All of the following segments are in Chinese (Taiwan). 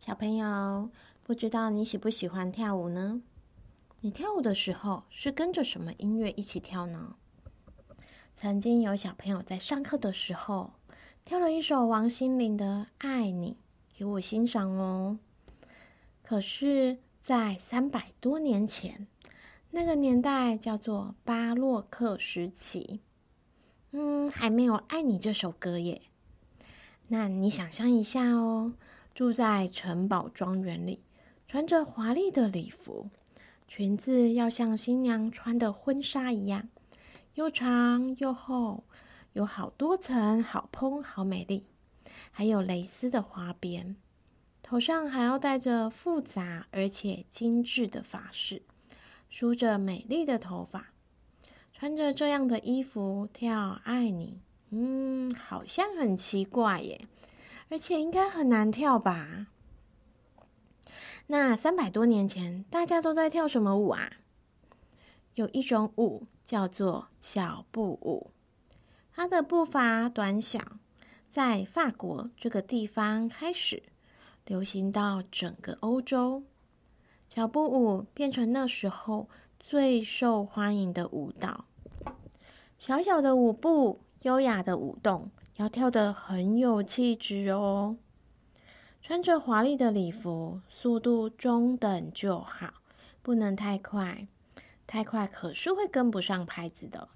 小朋友，不知道你喜不喜歡跳舞呢？你跳舞的時候是跟着什麼音樂一起跳呢？曾經有小朋友在上課的時候跳了一首王心凌的《愛你》給我欣賞哦。可是，在三百多年前，那個年代叫做巴洛克時期，嗯，還沒有《愛你》這首歌耶。那你想象一下哦。住在城堡莊園裡，穿着華麗的禮服，裙子要像新娘穿的婚紗一樣，又長又厚，有好多層，好蓬，好美麗，還有蕾絲的花邊。頭上還要戴着複雜而且精致的髮飾，梳着美麗的頭髮，穿着這樣的衣服跳《愛你》。嗯，好像很奇怪耶。而且應該很難跳吧？那三百多年前，大家都在跳什麼舞啊？有一種舞叫做小步舞，它的步伐短小，在法國這個地方開始流行到整個歐洲，小步舞變成那時候最受歡迎的舞蹈。小小的舞步，優雅的舞動。要跳得很有氣質哦，穿着華麗的禮服，速度中等就好，不能太快，太快可是會跟不上拍子的。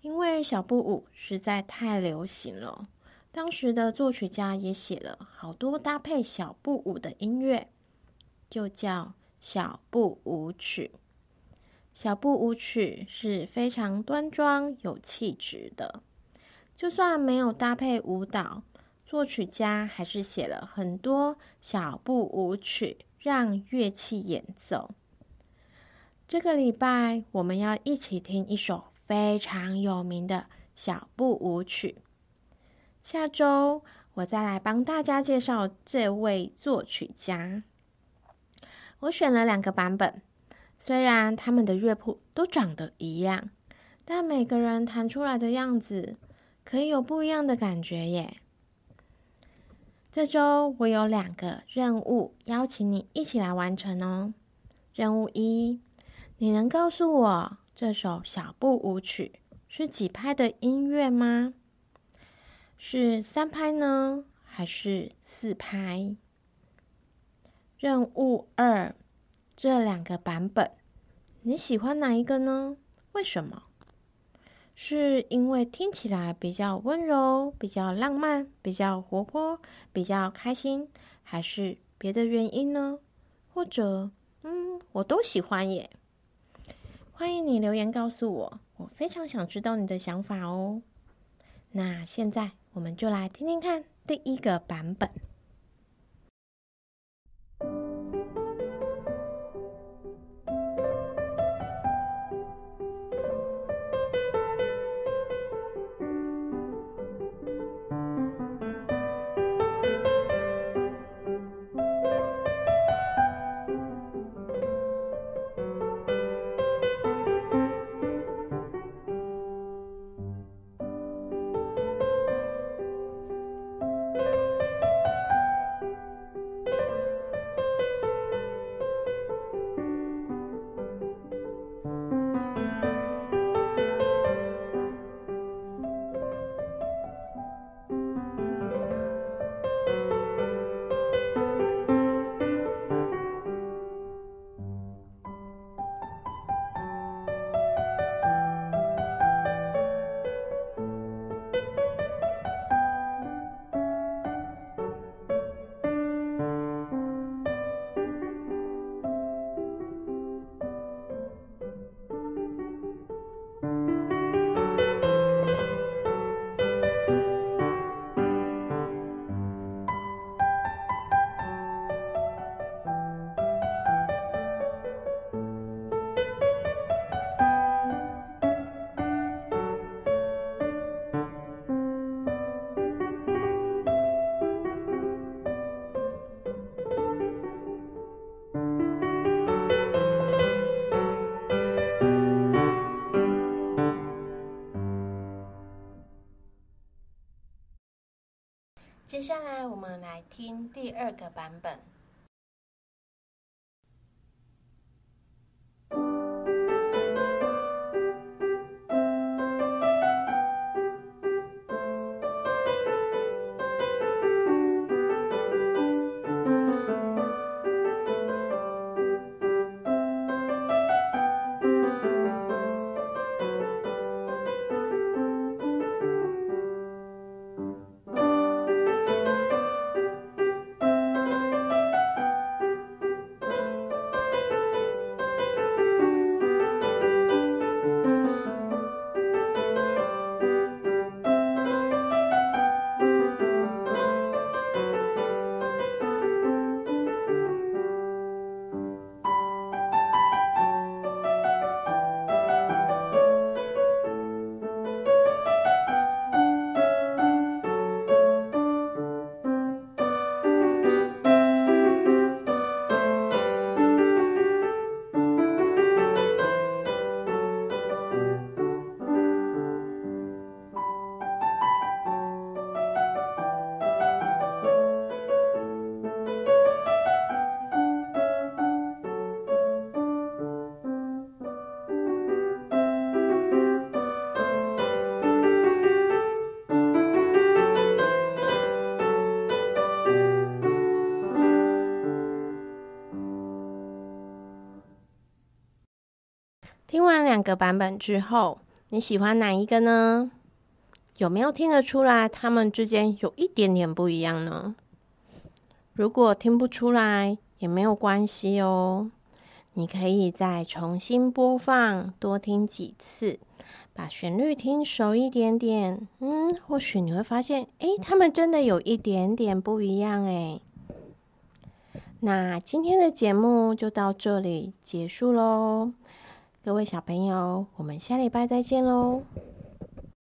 因為小步舞實在太流行了，當時的作曲家也寫了好多搭配小步舞的音樂，就叫小步舞曲。小步舞曲是非常端莊有氣質的。就算沒有搭配舞蹈，作曲家還是寫了很多小步舞曲讓樂器演奏。這個禮拜我們要一起聽一首非常有名的小步舞曲。下周我再來幫大家介紹這位作曲家。我選了兩個版本，雖然他們的樂譜都長得一樣，但每個人彈出來的樣子，可以有不一樣的感覺耶！這週我有兩個任務，邀請你一起來完成哦。任務一，你能告訴我這首小步舞曲是幾拍的音樂嗎？是三拍呢，還是四拍？任務二，這兩個版本，你喜歡哪一個呢？為什麼？是因為聽起來比較溫柔、比較浪漫、比較活潑、比較開心，還是別的原因呢？或者，嗯，我都喜歡耶。歡迎你留言告訴我，我非常想知道你的想法哦。那現在我們就來聽聽看第一個版本。接下來，我們來聽第二個版本。兩個版本之後，你喜歡哪一個呢？有沒有聽得出來他們之間有一點點不一樣呢？如果聽不出來也沒有關係哦，你可以再重新播放，多聽幾次，把旋律聽熟一點點。嗯，或許你會發現，誒，他們真的有一點點不一樣誒，那今天的節目就到這裡結束嘍。各位小朋友，我們下禮拜再見嘍。